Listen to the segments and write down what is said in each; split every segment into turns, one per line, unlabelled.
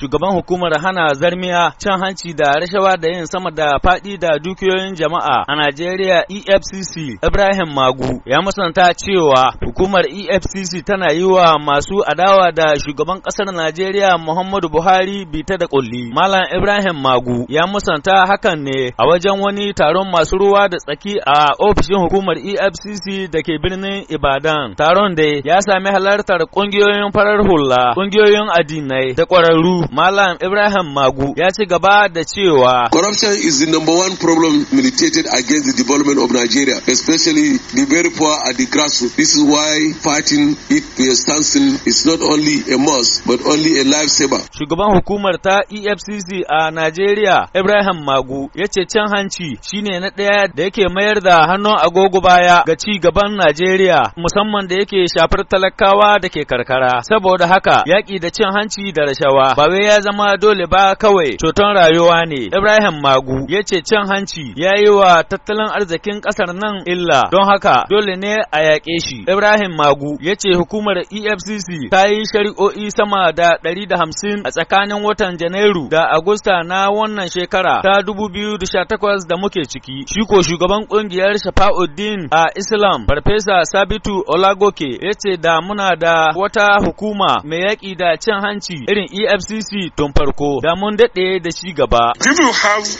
shugaban hukumar hana zarmiya cin hanci da rashawa da yin sama da faɗi da dukiyoyin jama'a a Najeriya EFCC Ibrahim Magu ya musanta cewa Hukumar EFCC tana yi wa masu adawa da shugaban ƙasar Najeriya Muhammadu Buhari bita da ƙulli. Malam Ibrahim Magu ya musanta hakan ne a wajen wani taron masu ruwa da tsaki a ofishin hukumar EFCC da ke birnin Ibadan. Taron da ya sami halartar ƙungiyoyin farar hula, ƙungiyoyin addinai da ƙwararru. Malam Ibrahim Magu ya ci gaba da cewa. Corruption is the number one problem militated against the development of Nigeria, especially the very poor at the grassroots. This is why why fighting it to a is not only a must but only a saver. Shugaban hukumar ta EFCC a Najeriya Ibrahim Magu ya ce cin hanci shine na ɗaya da yake mayar da hannun agogo baya ga ci gaban Najeriya musamman da yake shafar talakawa da ke karkara. Saboda haka yaƙi da cin hanci da rashawa ba wai ya zama dole ba kawai ceton rayuwa ne. Ibrahim Magu ya ce cin hanci ya yi wa tattalin arzikin ƙasar nan illa don haka dole ne a yaƙe shi. Ibrahim Ibrahim Magu ya ce hukumar EFCC ta yi shari'o'i sama da 150 a tsakanin watan Janairu da Agusta na wannan shekara ta 2018 da muke ciki. Shi ko shugaban kungiyar Shafa'uddin a Islam Farfesa Sabitu Olagoke ya ce da muna da wata hukuma mai yaƙi da cin hanci irin EFCC tun farko da mun daɗe da shi gaba. If you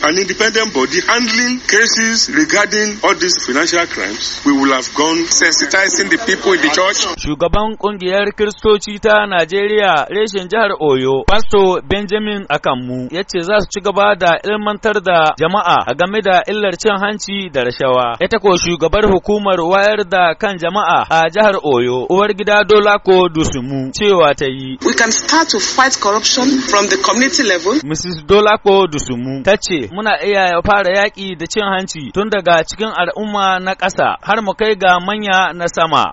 an independent body handling cases regarding all these financial crimes, we will have gone sensitizing the people with the church. Shugaban kungiyar Kiristoci ta Najeriya reshen jihar Oyo, Pasto Benjamin Akanmu, ya ce za su ci gaba da ilmantar da jama'a a game da illar cin hanci da rashawa. ta ko shugabar hukumar wayar da kan jama'a a jihar Oyo, uwar gida Dolako Dusumu, cewa ta yi. We can start to fight corruption from the community level. Mrs. Dolako Dusumu ta ce, muna iya fara yaƙi da cin hanci tun daga cikin al'umma na ƙasa har mu kai ga manya na sama.